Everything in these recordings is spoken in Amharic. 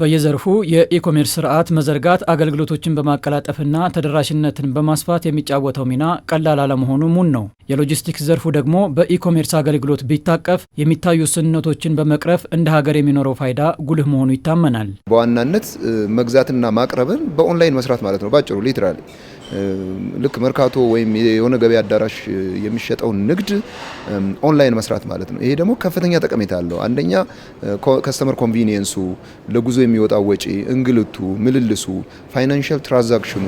በየዘርፉ የኢኮሜርስ ስርዓት መዘርጋት አገልግሎቶችን በማቀላጠፍና ተደራሽነትን በማስፋት የሚጫወተው ሚና ቀላል አለመሆኑ ሙን ነው። የሎጂስቲክስ ዘርፉ ደግሞ በኢኮሜርስ አገልግሎት ቢታቀፍ የሚታዩ ስንነቶችን በመቅረፍ እንደ ሀገር የሚኖረው ፋይዳ ጉልህ መሆኑ ይታመናል። በዋናነት መግዛትና ማቅረብን በኦንላይን መስራት ማለት ነው። ባጭሩ ሊትራሊ ልክ መርካቶ ወይም የሆነ ገበያ አዳራሽ የሚሸጠው ንግድ ኦንላይን መስራት ማለት ነው። ይሄ ደግሞ ከፍተኛ ጠቀሜታ አለው። አንደኛ ከስተመር ኮንቪኒየንሱ፣ ለጉዞ የሚወጣ ወጪ፣ እንግልቱ፣ ምልልሱ፣ ፋይናንሻል ትራንዛክሽኑ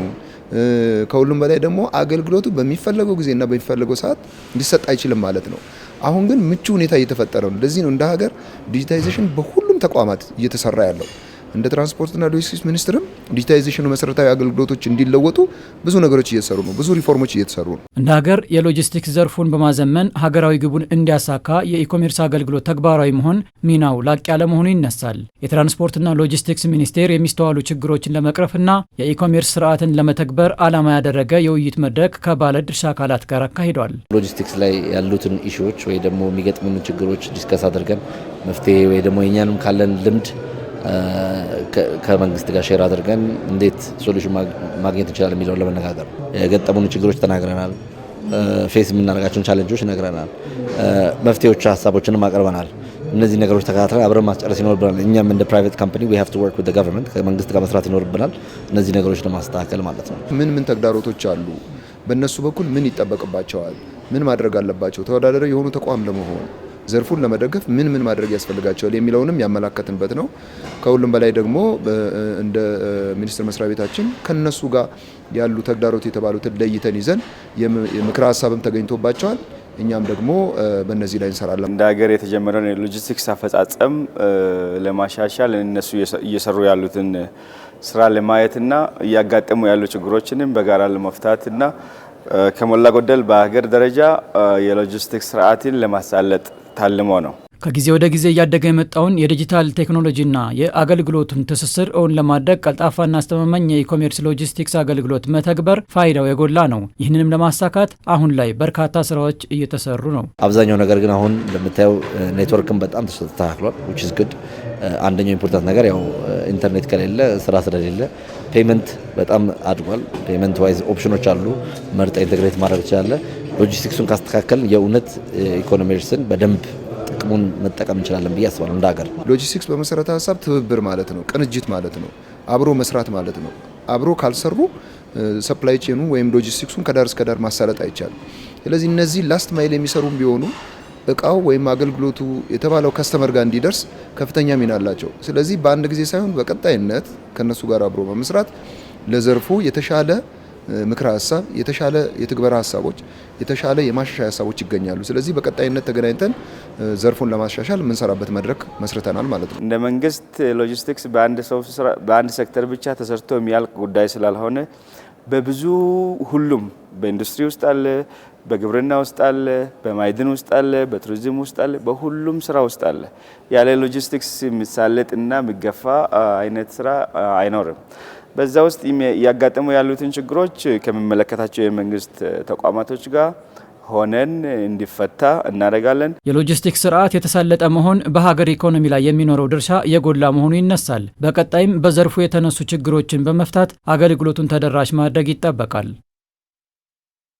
ከሁሉም በላይ ደግሞ አገልግሎቱ በሚፈለገው ጊዜና በሚፈለገው ሰዓት ሊሰጥ አይችልም ማለት ነው። አሁን ግን ምቹ ሁኔታ እየተፈጠረ ነው። ለዚህ ነው እንደ ሀገር ዲጂታይዜሽን በሁሉም ተቋማት እየተሰራ ያለው። እንደ ትራንስፖርትና ሎጂስቲክስ ሚኒስትርም ዲጂታይዜሽኑ መሰረታዊ አገልግሎቶች እንዲለወጡ ብዙ ነገሮች እየተሰሩ ነው፣ ብዙ ሪፎርሞች እየተሰሩ ነው። እንደ ሀገር የሎጂስቲክስ ዘርፉን በማዘመን ሀገራዊ ግቡን እንዲያሳካ የኢኮሜርስ አገልግሎት ተግባራዊ መሆን ሚናው ላቅ ያለ መሆኑ ይነሳል። የትራንስፖርትና ሎጂስቲክስ ሚኒስቴር የሚስተዋሉ ችግሮችን ለመቅረፍና የኢኮሜርስ ስርዓትን ለመተግበር ዓላማ ያደረገ የውይይት መድረክ ከባለ ድርሻ አካላት ጋር አካሂዷል። ሎጂስቲክስ ላይ ያሉትን ኢሹዎች ወይ ደግሞ የሚገጥሙን ችግሮች ዲስከስ አድርገን መፍትሄ ወይ ደግሞ የኛንም ካለን ልምድ ከመንግስት ጋር ሼር አድርገን እንዴት ሶሉሽን ማግኘት እንችላለን የሚለውን ለመነጋገር የገጠሙን ችግሮች ተናግረናል። ፌስ የምናደርጋቸውን ቻለንጆች ነግረናል። መፍትሄዎች ሀሳቦችንም አቅርበናል። እነዚህ ነገሮች ተከታትለን አብረን ማስጨረስ ይኖርብናል። እኛም እንደ ፕራይቬት ካምፓኒ ዊ ቱ ወርክ ዊዝ ገቨርንመንት ከመንግስት ጋር መስራት ይኖርብናል። እነዚህ ነገሮች ለማስተካከል ማለት ነው። ምን ምን ተግዳሮቶች አሉ? በእነሱ በኩል ምን ይጠበቅባቸዋል? ምን ማድረግ አለባቸው? ተወዳዳሪ የሆኑ ተቋም ለመሆን ዘርፉን ለመደገፍ ምን ምን ማድረግ ያስፈልጋቸዋል የሚለውንም ያመላከትንበት ነው። ከሁሉም በላይ ደግሞ እንደ ሚኒስቴር መስሪያ ቤታችን ከነሱ ጋር ያሉ ተግዳሮት የተባሉትን ለይተን ይዘን ምክረ ሀሳብም ተገኝቶባቸዋል። እኛም ደግሞ በእነዚህ ላይ እንሰራለን። እንደ ሀገር የተጀመረውን የሎጂስቲክስ አፈጻጸም ለማሻሻል እነሱ እየሰሩ ያሉትን ስራ ለማየትና እያጋጠሙ ያሉ ችግሮችንም በጋራ ለመፍታትና ከሞላ ጎደል በሀገር ደረጃ የሎጂስቲክስ ስርዓትን ለማሳለጥ ታልሞ ነው። ከጊዜ ወደ ጊዜ እያደገ የመጣውን የዲጂታል ቴክኖሎጂና የአገልግሎቱን ትስስር እውን ለማድረግ ቀልጣፋና አስተማማኝ የኢኮሜርስ ሎጂስቲክስ አገልግሎት መተግበር ፋይዳው የጎላ ነው። ይህንንም ለማሳካት አሁን ላይ በርካታ ስራዎች እየተሰሩ ነው። አብዛኛው ነገር ግን አሁን እንደምታየው ኔትወርክም በጣም ተስተካክሏል። ዊች ኢዝ አንደኛው ኢምፖርታንት ነገር ያው ኢንተርኔት ከሌለ ስራ ስለሌለ፣ ፔመንት በጣም አድጓል። ፔመንት ዋይዝ ኦፕሽኖች አሉ። መርጠ ኢንተግሬት ማድረግ ትችላለ ሎጂስቲክሱን ካስተካከል የእውነት ኢኮኖሚ በደንብ ጥቅሙን መጠቀም እንችላለን ብዬ አስባለሁ። እንደ ሀገር ሎጂስቲክስ በመሰረተ ሀሳብ ትብብር ማለት ነው፣ ቅንጅት ማለት ነው፣ አብሮ መስራት ማለት ነው። አብሮ ካልሰሩ ሰፕላይ ቼኑ ወይም ሎጂስቲክሱን ከዳር እስከ ዳር ማሳለጥ አይቻልም። ስለዚህ እነዚህ ላስት ማይል የሚሰሩም ቢሆኑ እቃው ወይም አገልግሎቱ የተባለው ከስተመር ጋር እንዲደርስ ከፍተኛ ሚና አላቸው። ስለዚህ በአንድ ጊዜ ሳይሆን በቀጣይነት ከነሱ ጋር አብሮ በመስራት ለዘርፉ የተሻለ ምክረ ሀሳብ፣ የተሻለ የትግበራ ሀሳቦች፣ የተሻለ የማሻሻያ ሀሳቦች ይገኛሉ። ስለዚህ በቀጣይነት ተገናኝተን ዘርፉን ለማሻሻል የምንሰራበት መድረክ መስርተናል ማለት ነው። እንደ መንግስት ሎጂስቲክስ በአንድ ሰው በአንድ ሴክተር ብቻ ተሰርቶ የሚያልቅ ጉዳይ ስላልሆነ በብዙ ሁሉም በኢንዱስትሪ ውስጥ አለ፣ በግብርና ውስጥ አለ፣ በማይድን ውስጥ አለ፣ በቱሪዝም ውስጥ አለ፣ በሁሉም ስራ ውስጥ አለ። ያለ ሎጂስቲክስ የሚሳለጥ እና የሚገፋ አይነት ስራ አይኖርም። በዛ ውስጥ እያጋጠሙ ያሉትን ችግሮች ከሚመለከታቸው የመንግስት ተቋማቶች ጋር ሆነን እንዲፈታ እናደርጋለን። የሎጂስቲክስ ስርዓት የተሳለጠ መሆን በሀገር ኢኮኖሚ ላይ የሚኖረው ድርሻ የጎላ መሆኑ ይነሳል። በቀጣይም በዘርፉ የተነሱ ችግሮችን በመፍታት አገልግሎቱን ተደራሽ ማድረግ ይጠበቃል።